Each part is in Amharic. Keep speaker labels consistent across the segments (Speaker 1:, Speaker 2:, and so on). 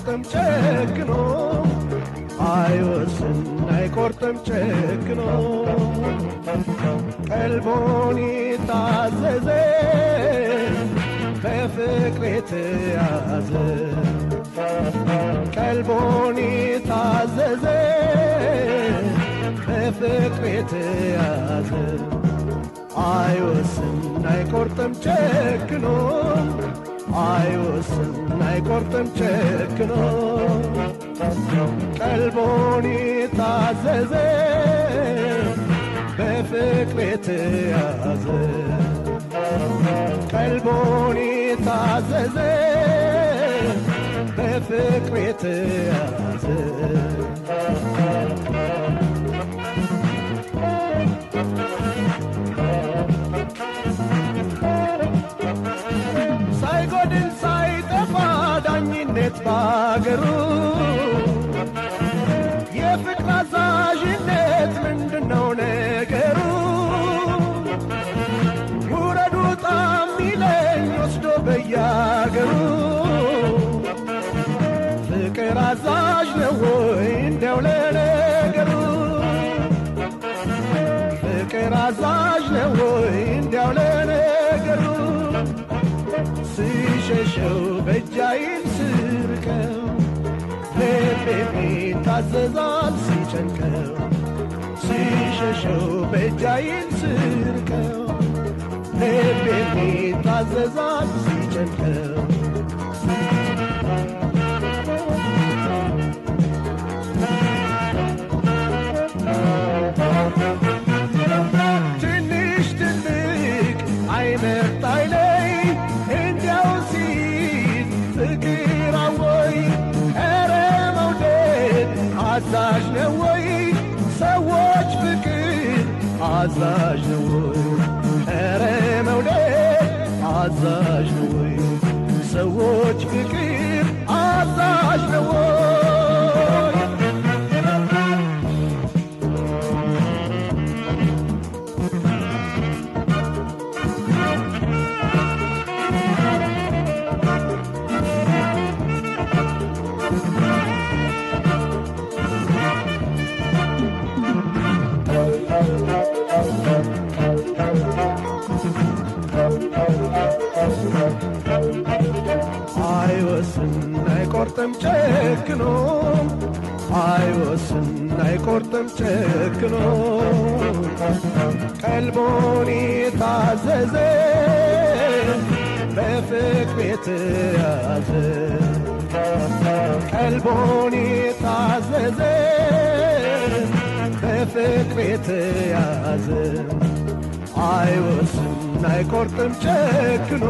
Speaker 1: አይቆርጥም ጨክኖ አይወስን አይቆርጥም ጨክኖ ቀልቦን ታዘዘ በፍቅር የተያዘ ቀልቦን ታዘዘ በፍቅር የተያዘ አይወስን አይቆርጥም ጨክኖ አይወስን አይቆርጥም ጨክኖ ቀልቦን የታዘዘ በፍቅር የተያዘ ቀልቦን የታዘዘ በፍቅር የተያዘ Peru ያዘዛል ሲጨንቀው ሲሸሸው በእጃይን ስርከው ልቤ ታዘዛል ሲጨንቀው አዛዥ ነው ኧረ መውደድ አዛዥ ነው ሰዎች ጨክኖ አይወስን አይቆርጥም ጨክኖ ቀልቦን የታዘዘ በፍቅ ቤት ያዘ ቀልቦን የታዘዘ በፍቅ ቤት ያዘ አይወስን አይቆርጥም ጨክኖ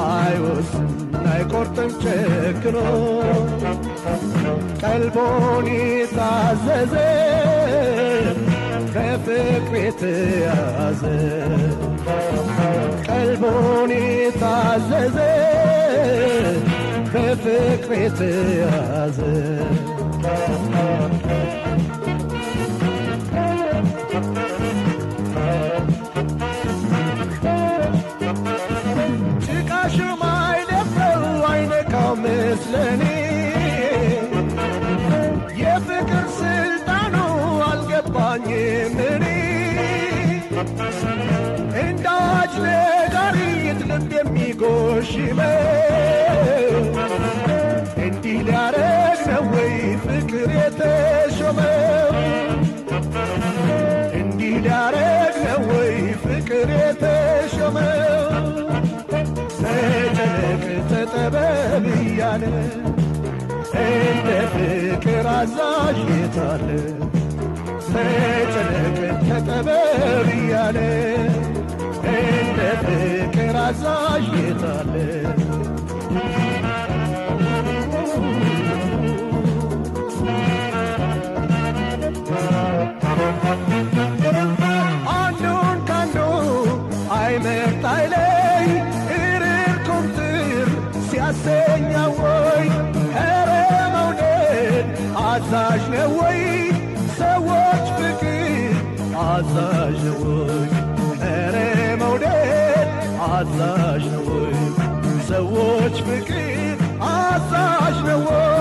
Speaker 1: አይወስን አይቆርጥም ጨክኖ ቀልቦን የታዘዘ በፍቅር የተያዘ ቀልቦን የታዘዘ በፍቅር የተያዘ እንዳዋጅ ነጋሪት ልብ የሚጎሽመው እንዲህ ሊያረግ ነው ወይ ፍቅር የተሾመ እንዲህ ሊያረግ ነው ወይ ፍቅር የተሾመ ተጨነቅ ተጠበብ እያለ እንደ ፍቅር አዛዥ የታለ ተጨነቅ ተጠበብ እያለ እንደ ፍቅር አዛዥ የታለ አንዱን ካንዱ አይመርጥ አይለይ እርር ኩምትር ሲያሰኛ ወይ ኧረ መውደድ አዛዥ ነው አዛዥ ነው ወይ? ሰዎች ፍቅር አዛዥ ነው